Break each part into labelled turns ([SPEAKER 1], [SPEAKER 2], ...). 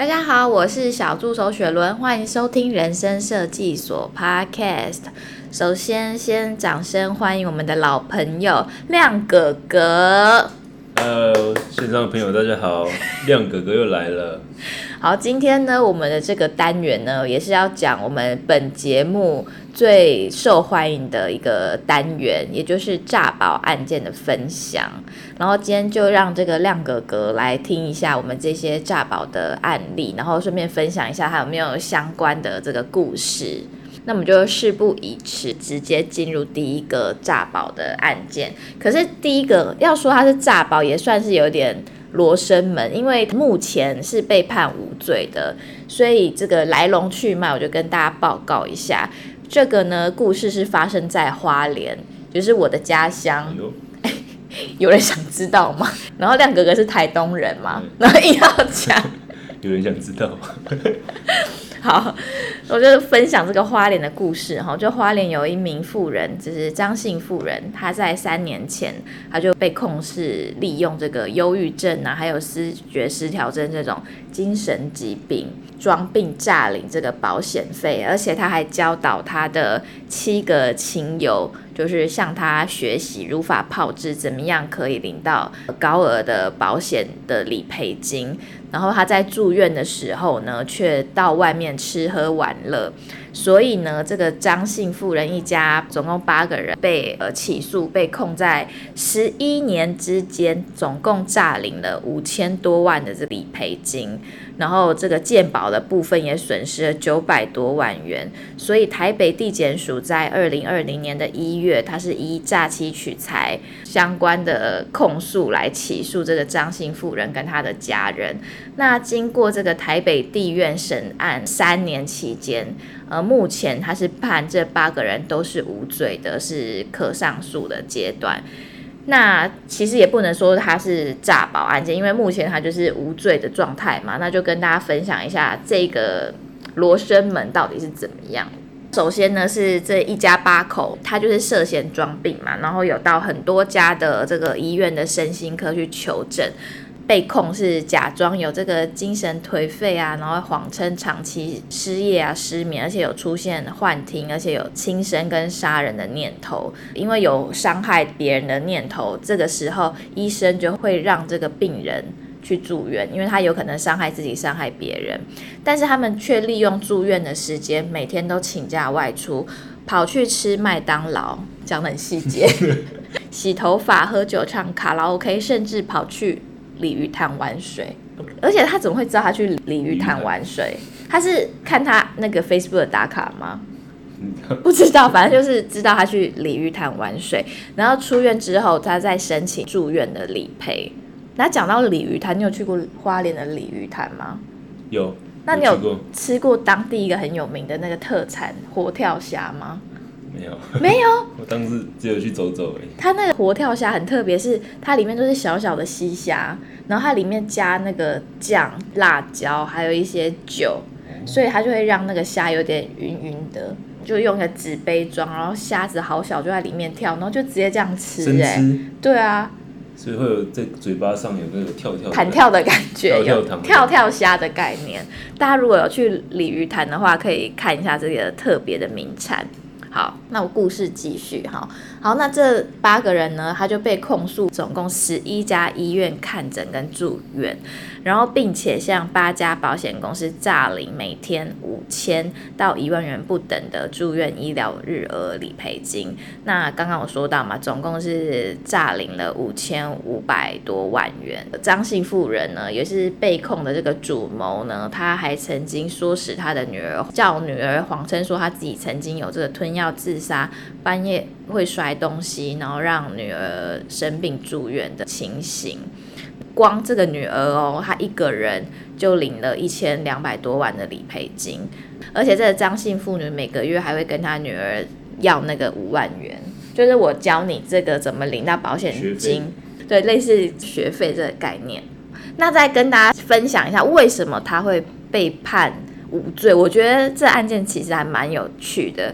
[SPEAKER 1] 大家好，我是小助手雪倫，歡迎收聽人生設計所 Podcast。首先，先掌聲歡迎我們的老朋友亮哥哥。
[SPEAKER 2] Hello，線上的朋友，大家好， 亮哥哥又來了。
[SPEAKER 1] 好，今天呢，我們的這個單元呢，也是要講我們本節目。最受歡迎的一個單元，也就是詐保案件的分享。然後今天就讓這個亮哥哥來聽一下我們這些詐保的案例，然後順便分享一下還有沒有相關的這個故事。那我們就事不宜遲，直接進入第一個詐保的案件。可是第一個要說它是詐保，也算是有點羅生門，因為目前是被判無罪的，所以這個來龍去脈我就跟大家報告一下。這個呢，故事是發生在花蓮，就是我的家鄉。哎呦欸。有人想知道嗎？然後亮哥哥是台東人嘛？對然後硬要講。
[SPEAKER 2] 有人想知道嗎？
[SPEAKER 1] 好，我就分享這個花蓮的故事哈。就花蓮有一名婦人，就是張姓婦人，她在三年前，她就被控是利用這個憂鬱症啊，還有思覺失調症這種精神疾病，裝病詐領這個保險費，而且他還教導他的七個親友，就是向他學習如法炮製，怎麼樣可以領到高額的保險的理賠金。然後他在住院的時候呢，卻到外面吃喝玩樂，所以呢，這個張姓婦人一家總共八個人被呃起訴，被控在十一年之間，總共詐領了五千多萬的這理賠金。然後這個健保的部分也損失了九百多萬元，所以台北地檢署在二零二零年的一月，他是依詐欺取財相關的控訴來起訴這個張姓婦人跟他的家人。那經過這個台北地院審案三年期間，呃，目前他是判這八個人都是無罪的，是可上訴的階段。那其實也不能說他是詐保案件，因為目前他就是無罪的狀態嘛。那就跟大家分享一下這個“羅生門”到底是怎麼樣。首先呢，是這一家八口，他就是涉嫌裝病嘛，然後有到很多家的這個醫院的身心科去求診。被控是假裝有這個精神頹廢啊，然後謊稱長期失業啊、失眠，而且有出現幻聽，而且有輕生跟殺人的念頭，因為有傷害別人的念頭，這個時候醫生就會讓這個病人去住院，因為他有可能傷害自己、傷害別人。但是他們卻利用住院的時間，每天都請假外出，跑去吃麥當勞，講得很細節， 洗頭髮、喝酒、唱卡拉 OK，甚至跑去。鯉魚潭玩水，而且他怎麼會知道他去鯉魚潭玩水？他是看他那個 Facebook 的打卡嗎？ 不知道，反正就是知道他去鯉魚潭玩水。然後出院之後，他再申請住院的理賠。那講到鯉魚潭，你有去過花蓮的鯉魚潭嗎？
[SPEAKER 2] 有。那你有
[SPEAKER 1] 吃過當地一個很有名的那個特產活跳蝦嗎？
[SPEAKER 2] 沒有，沒有，我當時只有去走走哎。
[SPEAKER 1] 它那個活跳蝦很特別是，是它裡面都是小小的溪蝦，然後它裡面加那個醬、辣椒，還有一些酒，所以它就會讓那個蝦有點暈暈的。就用一個紙杯裝，然後蝦子好小，就在裡面跳，然後就直接這樣吃哎、欸。思對啊，
[SPEAKER 2] 所以會有在嘴巴上有個跳跳彈跳的感
[SPEAKER 1] 覺，跳跳糖的感覺，有跳跳蝦的概念。 大家如果有去鯉魚潭的話，可以看一下這裡的特別的名產。好，那我故事繼續哈。好，那這八個人呢，他就被控訴總共十一家醫院看診跟住院，然後並且向八家保險公司詐領每天五千到一萬元不等的住院醫療日額理賠金。那剛剛我說到嘛，總共是詐領了五千五百多萬元。張姓婦人呢，也是被控的這個主謀呢，他還曾經唆使他的女兒，叫女兒謊稱說他自己曾經有這個吞藥自殺，半夜。會摔東西，然後讓女兒生病住院的情形，光這個女兒哦，她一個人就領了一千兩百多萬的理賠金，而且這個張姓婦女每個月還會跟她女兒要那個五萬元，就是我教你這個怎麼領到保險金，學費。對，類似學費這個概念。那再跟大家分享一下為什麼她會被判無罪，我覺得這案件其實還蠻有趣的。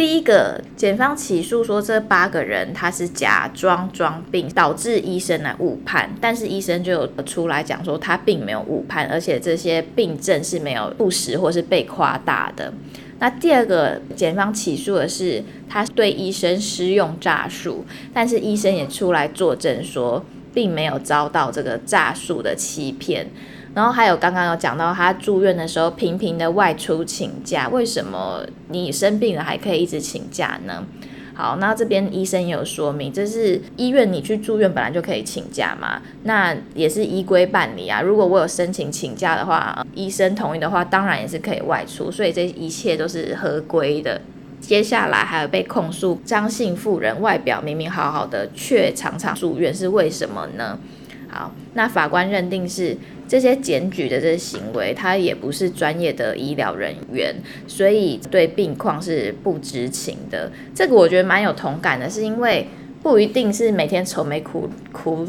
[SPEAKER 1] 第一個，檢方起訴說這八個人他是假裝裝病，導致醫生來誤判。但是醫生就有出來講說，他並沒有誤判，而且這些病症是沒有不實或是被誇大的。那第二個，檢方起訴的是他對醫生施用詐術，但是醫生也出來作證說，並沒有遭到這個詐術的欺騙。然後還有剛剛有講到，他住院的時候頻頻的外出請假，為什麼你生病了還可以一直請假呢？好，那這邊醫生也有說明，這是醫院你去住院本來就可以請假嘛，那也是依規辦理啊。如果我有申請請假的話，呃，醫生同意的話，當然也是可以外出，所以這一切都是合規的。接下來還有被控訴張姓婦人外表明明好好的，却常常住院，是為什麼呢？好，那法官認定是。這些檢舉的這些行為，他也不是專業的醫療人員，所以對病況是不知情的。這個我覺得蠻有同感的，是因為不一定是每天愁眉苦苦、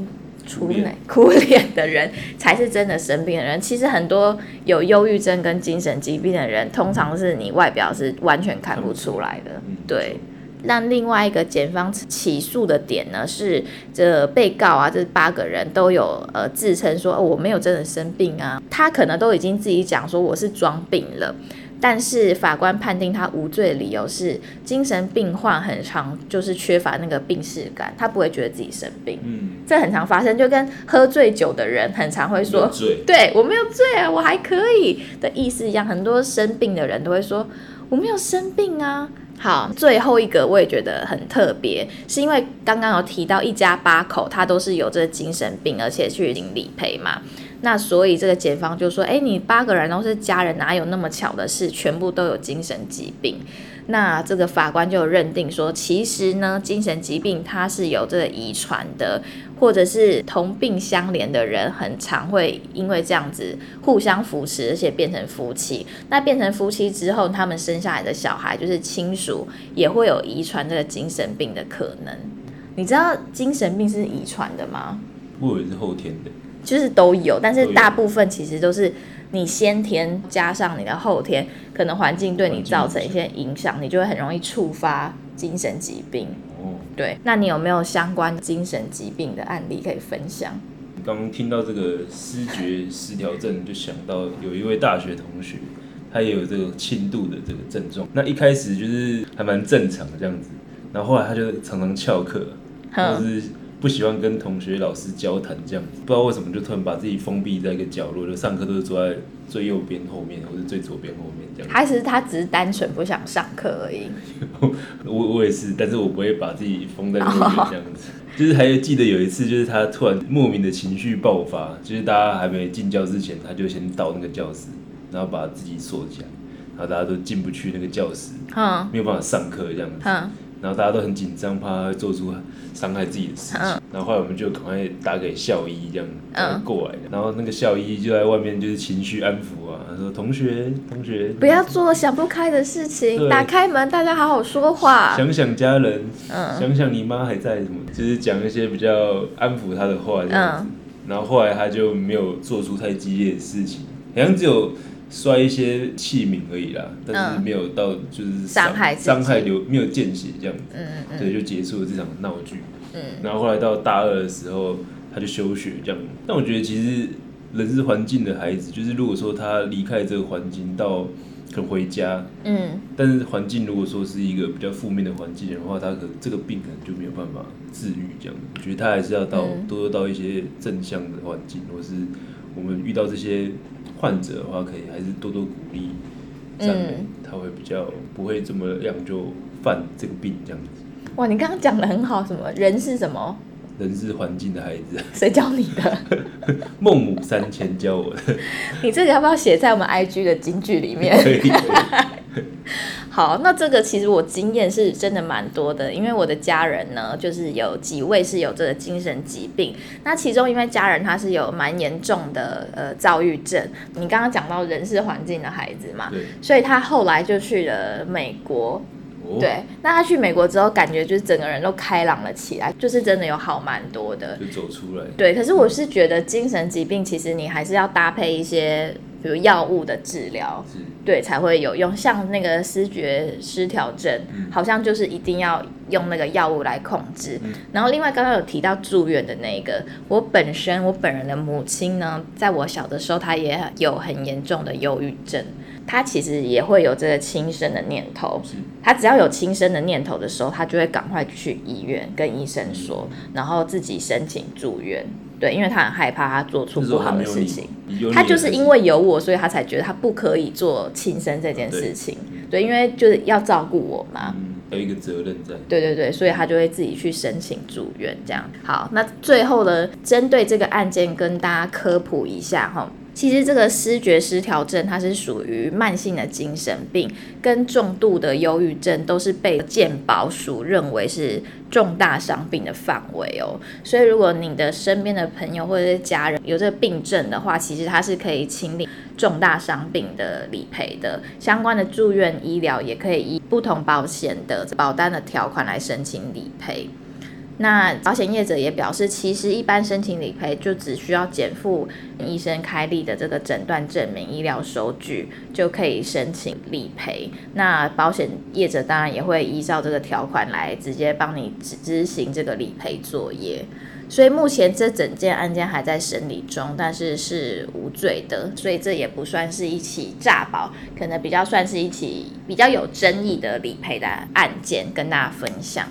[SPEAKER 1] 苦臉的人，才是真的生病的人。其實很多有憂鬱症跟精神疾病的人，通常是你外表是完全看不出來的。嗯、對。那另外一個檢方起訴的點呢，是這被告啊，這八個人都有呃自稱說，哦，我沒有真的生病啊。他可能都已經自己講說我是裝病了，但是法官判定他無罪的理由是，精神病患很常就是缺乏那個病識感，他不會覺得自己生病。嗯，這很常發生，就跟喝醉酒的人很常會說醉，對我沒有醉啊，我還可以的意思一樣。很多生病的人都會說我沒有生病啊。好，最後一個我也覺得很特別，是因為剛剛有提到一家八口，他都是有這個精神病，而且去領理賠嘛，那所以這個檢方就說，誒、欸，你八個人都是家人，哪有那麼巧的事，全部都有精神疾病？那這個法官就認定說，其實呢，精神疾病它是有這個遺傳的，或者是同病相憐的人，很常會因為這樣子互相扶持，而且變成夫妻。那變成夫妻之後，他們生下來的小孩就是親屬，也會有遺傳這個精神病的可能。你知道精神病是遺傳的嗎？
[SPEAKER 2] 我以為是後天的，
[SPEAKER 1] 就是都有，但是大部分其實都是。你先天加上你的後天，可能環境對你造成一些影響，你就會很容易觸發精神疾病。哦，對，那你有沒有相關精神疾病的案例可以分享？
[SPEAKER 2] 剛聽到這個思覺失調症，就想到有一位大學同學，他也有這個輕度的這個症狀。那一開始就是還蠻正常的這樣子，然後後來他就常常翹課，或、就是。不喜歡跟同學、老師交談，這樣子不知道為什麼就突然把自己封閉在一個角落，就上課都是坐在最右邊後面，或者最左邊後面這樣。他其實
[SPEAKER 1] 他只是單純不想上課而已。
[SPEAKER 2] 我我也是，但是我不會把自己封在那邊。這樣子。Oh. 就是還有記得有一次，就是他突然莫名的情緒爆發，就是大家還沒進教室前，他就先到那個教室，然後把自己鎖起來，然後大家都進不去那個教室，嗯，Huh. 沒有辦法上課這樣子。嗯，Huh. 然後大家都很緊張，怕他做出。傷害自己的事情，uh. 然後後來我們就趕快打給校醫，這樣過來，uh. 然後那個校醫就在外面就是情緒安撫啊，他說：“同學，同學，不
[SPEAKER 1] 要做想不開的事情，對打開門，大家好好說話，想
[SPEAKER 2] 想家人，uh. 想想你媽還在什麼，就是講一些比較安撫他的話這樣子，uh. 然後後來他就沒有做出太激烈的事情，好像只有。”摔一些器皿而已啦，但是沒有到就是傷、嗯、傷害傷害流沒有見血這樣子，所以、嗯嗯、就結束了這場鬧劇。嗯、然後後來到大二的時候，他就休學這樣。但我覺得其實人是環境的孩子，就是如果說他離開這個環境到可能回家，嗯、但是環境如果說是一個比較負面的環境的話，他可這個病可能就沒有辦法治癒這樣。我覺得他還是要到多、嗯、多到一些正向的環境，或是。我們遇到這些患者的話，可以還是多多鼓勵，這樣、欸嗯、他會比較不會這麼樣就犯這個病這樣子。
[SPEAKER 1] 哇，你剛剛講得很好，什麼人是什麼？
[SPEAKER 2] 人是環境的孩子，
[SPEAKER 1] 誰教你的？
[SPEAKER 2] 孟母三遷教我的。
[SPEAKER 1] 你這個要不要寫在我們 I G 的金句裡面？可以。 好，那這個其實我經驗是真的蠻多的，因為我的家人呢，就是有幾位是有這個精神疾病。那其中，因為家人他是有蠻嚴重的呃躁鬱症，你剛剛講到人事環境的孩子嘛，對所以他後來就去了美國。Oh. 對，那他去美國之後，感覺就是整個人都開朗了起來，就是真的有好蠻多的，就走出來。對，可是我是覺得精神疾病，其實你還是要搭配一些。比如藥物的治療，是對，才會有用。像那個思覺失調症，嗯、好像就是一定要用那個藥物來控制。嗯、然後，另外剛剛有提到住院的那個，我本身我本人的母親呢，在我小的時候，她也有很嚴重的憂鬱症，她其實也會有這個輕生的念頭。是她只要有輕生的念頭的時候，她就會趕快去醫院跟醫生說，嗯、然後自己申請住院。對，因為她很害怕她做出不好的事情。他就是因為有我，所以他才覺得他不可以做輕生這件事情。嗯對，嗯、對，因為就是要照顧我嘛、嗯，
[SPEAKER 2] 有一個責任在。
[SPEAKER 1] 對對對，所以他就會自己去申請住院這樣。好，那最後呢，針對這個案件跟大家科普一下哈。其實這個思覺失調症，它是屬於慢性的精神病，跟重度的憂鬱症都是被健保署認為是重大傷病的範圍哦。所以如果你的身邊的朋友或者是家人有這個病症的話，其實它是可以請領重大傷病的理賠的，相關的住院醫療也可以以不同保險的保單的條款來申請理賠。那保險業者也表示，其實一般申請理賠就只需要檢附醫生開立的這個診斷證明、醫療收據就可以申請理賠。那保險業者當然也會依照這個條款來直接幫你執執行這個理賠作業。所以目前這整件案件還在審理中，但是是無罪的，所以這也不算是一起詐保，可能比較算是一起比較有爭議的理賠的案件，跟大家分享。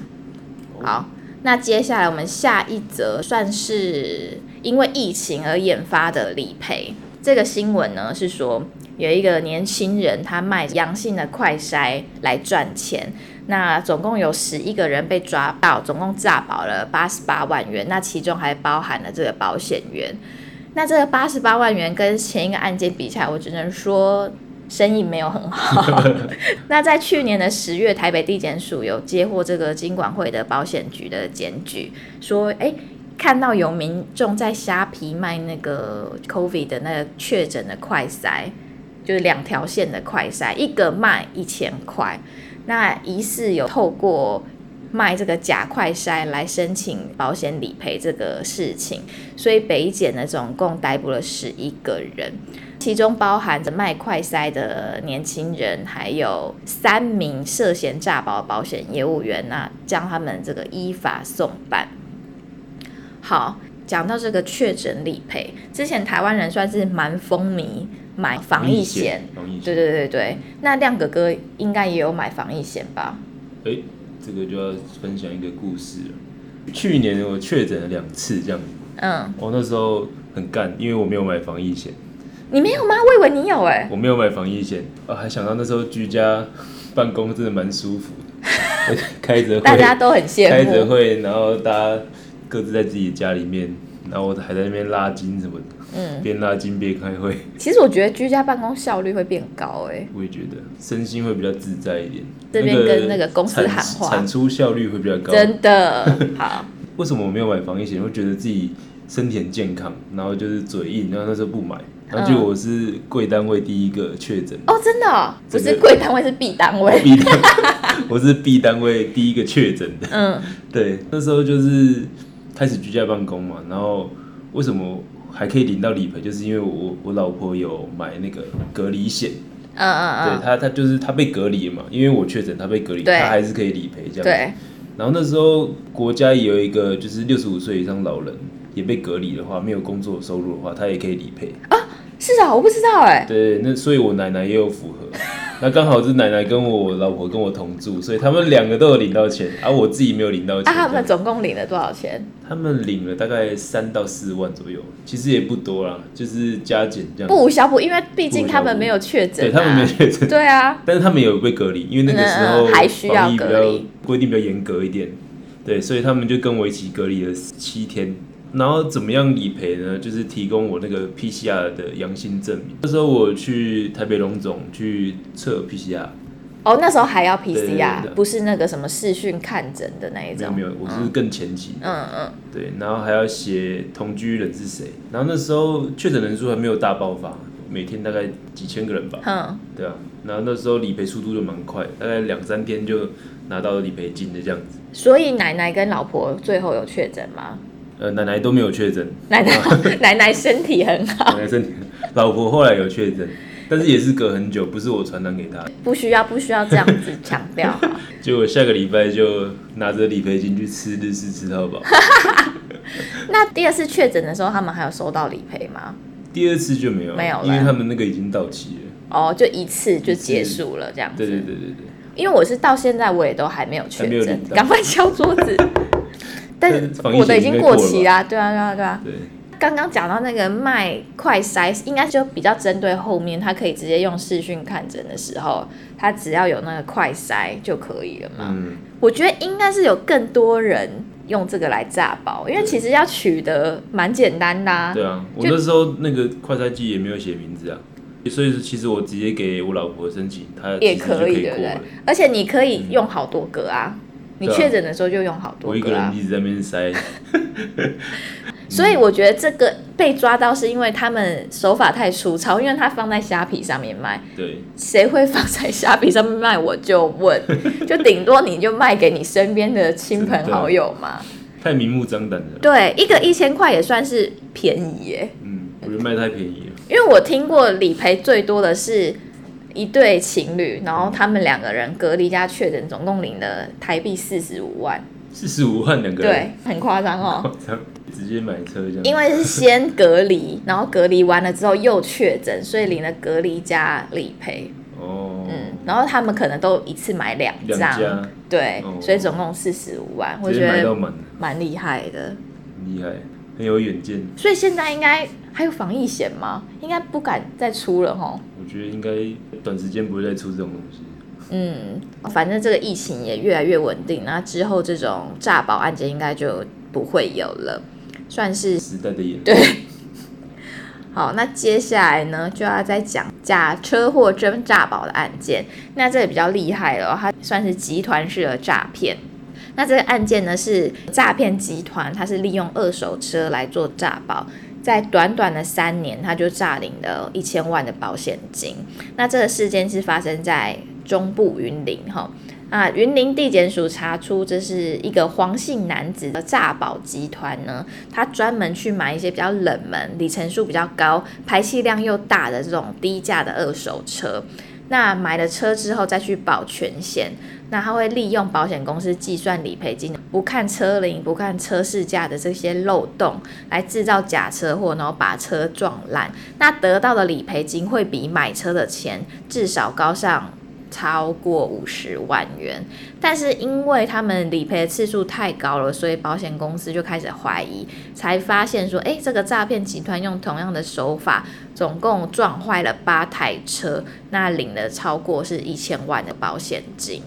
[SPEAKER 1] 好。那接下來我們下一則算是因為疫情而引發的理賠這個新聞呢，是說有一個年輕人他賣陽性的快篩來賺錢。那總共有十一個人被抓到，總共詐保了八十八萬元，那其中還包含了這個保險員。那這個八十八萬元跟前一個案件比起來，我只能說。生意沒有很好。 那在去年的十月，台北地檢署有接獲這個金管會的保險局的檢舉，說，哎、欸，看到有民眾在蝦皮賣那個 COVID 的那個確診的快篩，就是兩條線的快篩，一個賣一千塊，那疑似有透過。賣這個假快篩來申請保險理賠這個事情，所以北檢呢總共逮捕了十一個人，其中包含着賣快篩的年輕人，還有三名涉嫌詐保保險業務員，那將他們這個依法送辦。好，講到這個確診理賠，之前台灣人算是蠻風靡買防疫險，對、啊、疫險、疫險、對對對，那亮哥哥應該也有買防疫險吧？誒、欸。
[SPEAKER 2] 這個就要分享一個故事了。去年我確診了兩次，這樣。嗯，我那時候很乾，因為我沒有買防疫險。
[SPEAKER 1] 你沒有嗎？我以為你有哎、欸。
[SPEAKER 2] 我沒有買防疫險啊，還想到那時候居家辦公真的蠻舒服的 開着會大家都很羨慕，開着會，然後大家各自在自己家裡面，然後我還在那邊拉筋什麼的。嗯，邊拉筋邊開會、
[SPEAKER 1] 嗯。其實我覺得居家辦公效率會變高誒、欸。
[SPEAKER 2] 我也覺得，身心會比較自在一點。這邊跟那個公司喊話，產出效率會比較高。真的，好。 為什麼我沒有買防疫險？會覺得自己身體健康，然後就是嘴硬，然後那時候不買。然後就我是貴單位第一個確診、嗯。
[SPEAKER 1] 哦，真的、哦，不是貴單位，是 B 單位。
[SPEAKER 2] 我是 B 單位第一個確診的。
[SPEAKER 1] 嗯，
[SPEAKER 2] 對，那時候就是開始居家辦公嘛，然後為什麼？還可以領到理賠，就是因為我我老婆有買那個隔離險，嗯嗯嗯，
[SPEAKER 1] 對，她
[SPEAKER 2] 她就是她被隔離嘛，因為我確診，她被隔離，她對還是可以理賠這樣，對。
[SPEAKER 1] 然
[SPEAKER 2] 後那時候國家有一個就是六十五歲以上老人也被隔離的話，沒有工作的收入的話，他也可以理賠
[SPEAKER 1] 啊，uh, 是啊，我不知道哎、欸，
[SPEAKER 2] 對，那所以我奶奶也有符合。那剛好是奶奶跟我老婆跟我同住，所以他們兩個都有領到錢，而、啊、我自己沒有領到錢。那、啊、他
[SPEAKER 1] 們總共領了多少錢？
[SPEAKER 2] 他們領了大概三到四萬左右，其實也不多啦，就是加減這樣。不無
[SPEAKER 1] 小補，因為畢竟他們沒有確診、啊。對，他們沒
[SPEAKER 2] 有確診。對啊。但是他們有被隔離，因為那個時候防疫比較規定比較嚴格一點，對，所以他們就跟我一起隔離了七天。然後怎麼樣理賠呢？就是提供我那個 PCR 的陽性證明。那時候我去台北榮總去測 PCR。哦，
[SPEAKER 1] 那時候還要 PCR，不是那個什麼視訊看診的那一種。沒有
[SPEAKER 2] 沒有，我是更前期、嗯。嗯嗯。對，然後還要寫同居人是誰。然後那時候確診人數還沒有大爆發，每天大概幾千個人吧。嗯。對啊，然後那時候理賠速度就蠻快，大概兩三天就拿到了理賠金的這樣子。
[SPEAKER 1] 所以奶奶跟老婆最後有確診嗎？
[SPEAKER 2] 呃，奶奶都沒有確診，
[SPEAKER 1] 奶奶奶奶身體很好，奶
[SPEAKER 2] 奶身體。老婆後來有確診，但是也是隔很久，不是我傳染給她的。
[SPEAKER 1] 不需要，不需要這樣
[SPEAKER 2] 子強調。結果下個禮拜就拿着理賠金去吃日式吃到飽。
[SPEAKER 1] 那第二次確診的時候，他們還有收到理賠嗎？
[SPEAKER 2] 第二次就沒有，沒有了，因為他們那個已經到期
[SPEAKER 1] 了。哦，就一次就結束了這樣子。對對對對對。因為我是到現在我也都還沒有確診，趕快敲桌子。
[SPEAKER 2] 但是我的已經過期啦，對啊，對啊，對啊。
[SPEAKER 1] 剛剛講到那個賣快篩，應該就比較針對後面，他可以直接用視訊看診的時候，他只要有那個快篩就可以了
[SPEAKER 2] 嘛。
[SPEAKER 1] 我覺得應該是有更多人用這個來詐保，因為其實要取得蠻簡單的、啊。
[SPEAKER 2] 對啊，我那時候那個快篩劑也沒有寫名字啊，所以其實我直接給我老婆申請，他可也可以對不對，對？
[SPEAKER 1] 嗯、而且你可以用好多個啊。你確診的時候就用好多，
[SPEAKER 2] 我一個人一直在那邊塞。
[SPEAKER 1] 所以我覺得這個被抓到是因為他們手法太粗糙，因為他放在蝦皮上面賣，
[SPEAKER 2] 對，
[SPEAKER 1] 誰會放在蝦皮上面賣？我就問，就頂多你就賣給你身邊的親朋好友嘛，
[SPEAKER 2] 太明目張膽了。
[SPEAKER 1] 對，一個一千塊也算是便宜耶。嗯，我
[SPEAKER 2] 覺得賣太便宜
[SPEAKER 1] 了，因為我聽過理賠最多的是。一對情侶，然後他們兩個人隔離加確診，總共領了台幣四十五萬。
[SPEAKER 2] 四十五萬兩個人？對，很誇張哦，很誇張。直接買車這樣。因為是先
[SPEAKER 1] 隔離， 然後隔離完了之後又確診，所以領了隔離加理賠。哦。嗯。然後他們可能都一次買兩張。兩家對，哦、所以總共四十五萬。買到我覺得蠻厲害的。厲害，
[SPEAKER 2] 很有遠見。
[SPEAKER 1] 所以現在應該還有防疫險嗎？應該不敢再出了哈、哦。
[SPEAKER 2] 我覺得應該短時間不會再出這種
[SPEAKER 1] 東西。嗯，反正這個疫情也越來越穩定，那之後這種詐保案件應該就不會有了，算是時代的眼淚，對， 好，那接下來呢，就要再講假車禍真詐保的案件。那這也比較厲害了，它算是集團式的詐騙。那這個案件呢，是詐騙集團，它是利用二手車來做詐保。在短短的三年，他就詐領了一千萬的保險金。那這個事件是發生在中部雲林哈。那雲林地檢署查出這是一個黃姓男子的詐保集團呢，他專門去買一些比較冷門、里程數比較高、排氣量又大的這種低價的二手車。那買了車之後再去保全險，那他會利用保險公司計算理賠金不看車齡不看車市價的這些漏洞，來制造假車禍，然後把車撞爛，那得到的理賠金會比買車的錢至少高上。超過五十萬元，但是因為他們理賠次數太高了，所以保險公司就開始懷疑，才發現說，誒，這個詐騙集團用同樣的手法，總共撞壞了八台車，那領了超過是一千萬的保險金。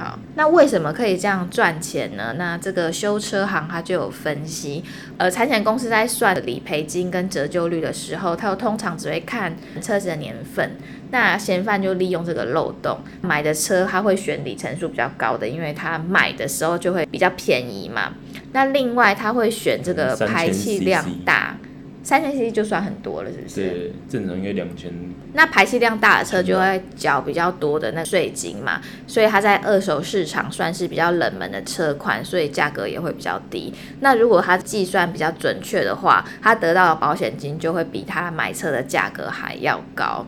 [SPEAKER 1] 好，那為什麼可以這樣賺錢呢？那這個修車行他就有分析，呃，產險公司在算理賠金跟折舊率的時候，它通常只會看車子的年份。那嫌犯就利用這個漏洞，買的車他會選里程數比較高的，因為他買的時候就會比較便宜嘛。那另外他會選這個排氣量大。三千七就算很多了，是
[SPEAKER 2] 不是？對，正常應該兩千。
[SPEAKER 1] 那排氣量大的車就會繳比較多的那稅金嘛，所以它在二手市場算是比較冷門的車款，所以價格也會比較低。那如果他計算比較準確的話，他得到的保險金就會比他買車的價格還要高。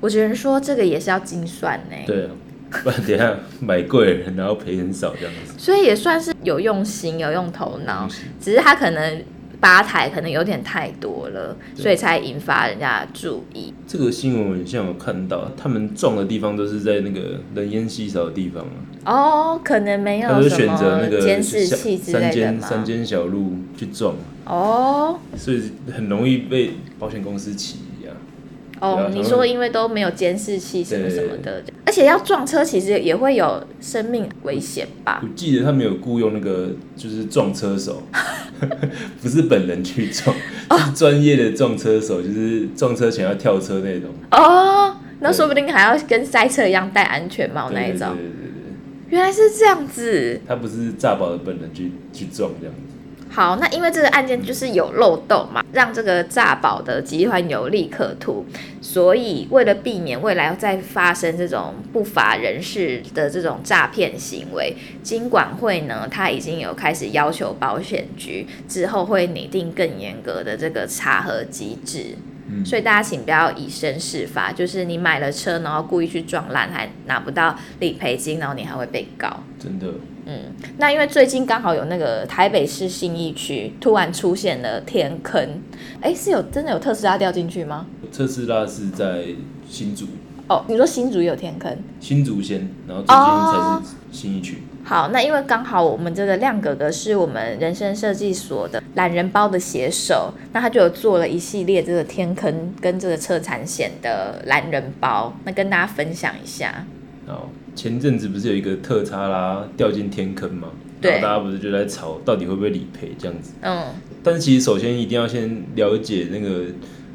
[SPEAKER 1] 我只能說這個也是要精算呢。對
[SPEAKER 2] 啊，不然等下買貴了，然後賠很少這樣子。
[SPEAKER 1] 所以也算是有用心，有用頭腦，嗯、是。只是他可能。八台可能有點太多了，對所以才引發人家的注意。
[SPEAKER 2] 這個新聞我好像有看到，他們撞的地方都是在那個人煙稀少的地方。哦，
[SPEAKER 1] 可能沒有。他們選擇那個山間山
[SPEAKER 2] 間小路去撞。哦，所以很容易被保險公司起訴。哦，oh, 你說因
[SPEAKER 1] 為都沒有監視器什麼什麼的，對對對對，而且要撞車其實也會有生命危險
[SPEAKER 2] 吧我？我記得他沒有雇傭那個就是撞車手， 不是本人去撞，oh. 是專業的撞車手，就是撞車前要跳車那種。
[SPEAKER 1] 哦，oh, 那說不定還要跟賽車一樣戴安全帽那一種。對，對對對對對，原來是這樣子。
[SPEAKER 2] 他不是炸寶的本人去去撞這樣子。
[SPEAKER 1] 好，那因為這個案件就是有漏洞嘛，讓這個詐保的集團有利可圖，所以為了避免未來再發生這種不法人士的這種詐騙行為，金管會呢，他已經有開始要求保險局之後會擬定更嚴格的這個查核機制。嗯，所以大家請不要以身試法，就是你買了車然後故意去撞爛，還拿不到理賠金，然後你還會被告。
[SPEAKER 2] 真的。嗯，
[SPEAKER 1] 那因為最近剛好有那個台北市信義區突然出現了天坑，哎，是有真的有特斯拉掉進去嗎？
[SPEAKER 2] 特斯拉是在新竹
[SPEAKER 1] 哦。你說新竹有天坑，
[SPEAKER 2] 新竹先，然後最近才是信義區？
[SPEAKER 1] 哦、好，那因為剛好我們這個亮哥哥是我們人生設計所的懶人包的寫手，那他就有做了一系列這個天坑跟這個車產險的懶人包，那跟大家分享一下。
[SPEAKER 2] 前陣子不是有一個特斯拉，掉進天坑嘛？對，然後大家不是就在吵到底會不會理賠這樣子？嗯，但是其實首先一定要先了解那個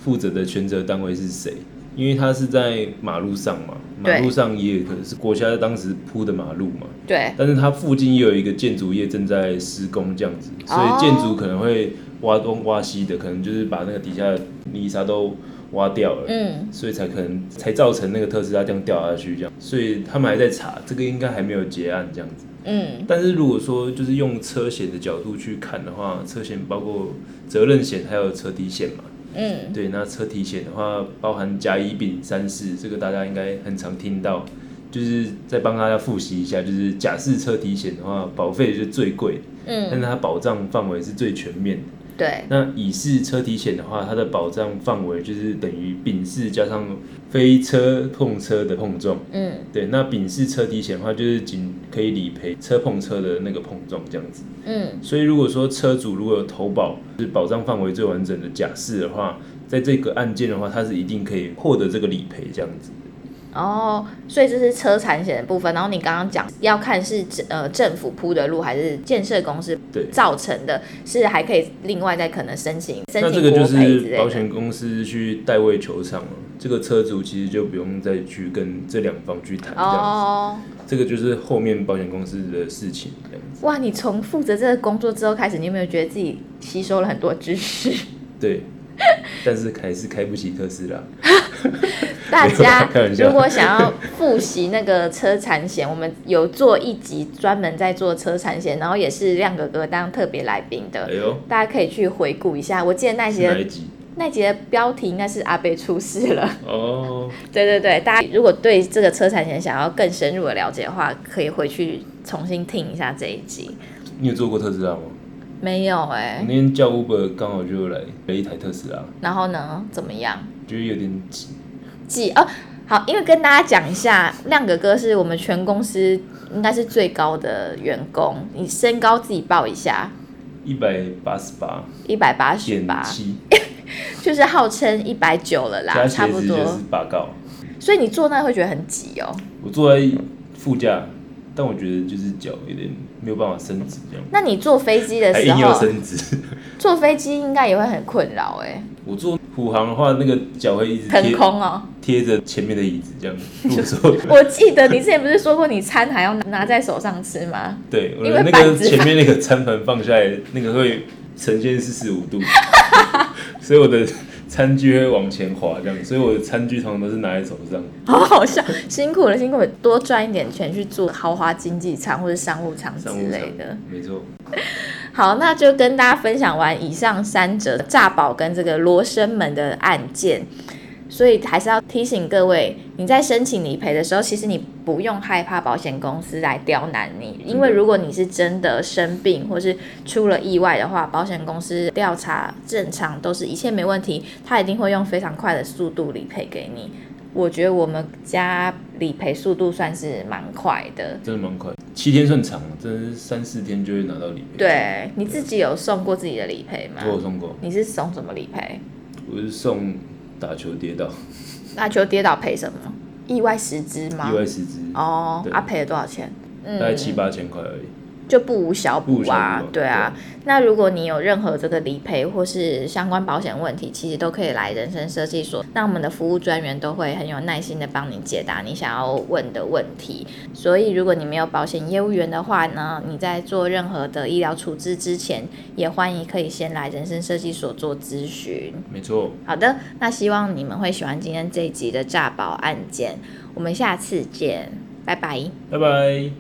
[SPEAKER 2] 負責的權責的單位是誰，因為他是在馬路上嘛，馬路上也有可能是國家當時鋪的馬路嘛，對，但是它附近又有一個建築業正在施工這樣子，所以建築可能會挖東挖西的，可能就是把那個底下的泥沙都挖掉了，嗯，所以才可能才造成那個特斯拉這樣掉下去這樣，所以他們還在查，這個應該還沒有結案這樣子，嗯，但是如果說就是用車險的角度去看的話，車險包括責任險還有車體險嘛，嗯，對，那車體險的話，包含甲乙丙三四，這個大家應該很常聽到，就是再幫大家復習一下，就是甲式車體險的話，保費是最貴，嗯，但是它保障範圍是最全面的。對，那乙式車體險的話，它的保障範圍就是等於丙式加上非車碰車的碰撞。嗯，對，那丙式車體險的話，就是僅可以理賠車碰車的那個碰撞這樣子。嗯，所以如果說車主如果有投保，就是保障範圍最完整的甲式的話，在這個案件的話，它是一定可以獲得這個理賠這樣子。
[SPEAKER 1] 然後、oh, 所以這是車產險的部分。然後你剛剛講，要看是政呃，政府鋪的路還是建設公司造成的對是，還可以另外再可能申請申請。那這個就是保
[SPEAKER 2] 險公司去代位求償了，這個車主其實就不用再去跟這兩方去談這樣子。哦，oh. 這個就是後面保險公司的事情。
[SPEAKER 1] 哇，你從負責這個工作之後開始，你有沒有覺得自己吸收了很多知識？
[SPEAKER 2] 對， 但是還是開不起特斯拉。 大家如果想要
[SPEAKER 1] 復習那個車殘險，我們有做一集專門在做車殘險，然後也是亮哥哥當特別來賓的，大家可以去回顧一下。我記得那集那集的標題應該是阿北出事了。哦，對對對，大家如果對這個車殘險想要更深入的了解的話，可以回去重新聽一下這一集。
[SPEAKER 2] 你有做過特斯拉嗎？
[SPEAKER 1] 沒有哎，我那
[SPEAKER 2] 天叫 Uber 剛好就來來一台特斯拉，
[SPEAKER 1] 然後呢，怎麼樣？
[SPEAKER 2] 覺得有點擠，
[SPEAKER 1] 擠哦，好，因為跟大家講一下，亮哥哥是我們全公司應該是最高的員工，你身高自己報一下，
[SPEAKER 2] 一百八十八，
[SPEAKER 1] 一百八十八就是號稱一百九了啦，差不多就是八高，所以你坐那會覺得很擠哦。
[SPEAKER 2] 我坐在副駕，但我覺得就是腳有點沒有辦法伸直這樣。
[SPEAKER 1] 那你坐飛機的時候，還要伸直， 坐飛機應該也會很困擾哎、欸。
[SPEAKER 2] 我坐虎航的話，那個腳會一直騰空哦，貼着前面的椅子這樣。 我
[SPEAKER 1] 記得你之前不是說過，你餐還要拿拿在手上吃嗎？
[SPEAKER 2] 對，我的那個前面那個餐盤放下來，那個會呈現四十五度， 所以我的餐具會往前滑這樣。所以我的餐具通常，常都是拿在手上。
[SPEAKER 1] 好、哦、好笑，辛苦了，辛苦了，多賺一點錢去坐豪華經濟艙或者商務艙之類的。沒錯。好，那就跟大家分享完以上三者的詐保跟這個羅生門的案件，所以還是要提醒各位，你在申請理賠的時候，其實你不用害怕保險公司來刁難你，因為如果你是真的生病或是出了意外的話，保險公司調查正常都是一切沒問題，他一定會用非常快的速度理賠給你。我覺得我們家理賠速度算是蠻快的，
[SPEAKER 2] 真的蠻快的。七天算長，真是三四天就會拿到理
[SPEAKER 1] 賠。對，你自己有送過自己的理賠嗎？我有送過。你是送什麼理賠？
[SPEAKER 2] 我是送打球跌倒。
[SPEAKER 1] 打球跌倒賠什麼？意外實支嗎？意外實支。哦、oh, 對，他、啊、賠了多少錢？大概七
[SPEAKER 2] 八千塊而已。嗯
[SPEAKER 1] 就不無小補啊，不無小補吧。對啊。對，那如果你有任何這個理賠或是相關保險問題，其實都可以來人生設計所，那我們的服務專員都會很有耐心的幫你解答你想要問的問題。所以如果你沒有保險業務員的話呢，你在做任何的醫療處置之前，也歡迎可以先來人生設計所做諮詢。沒錯錯。好的，那希望你們會喜歡今天這一集的詐保案件，我們下次見，拜
[SPEAKER 2] 拜。拜拜。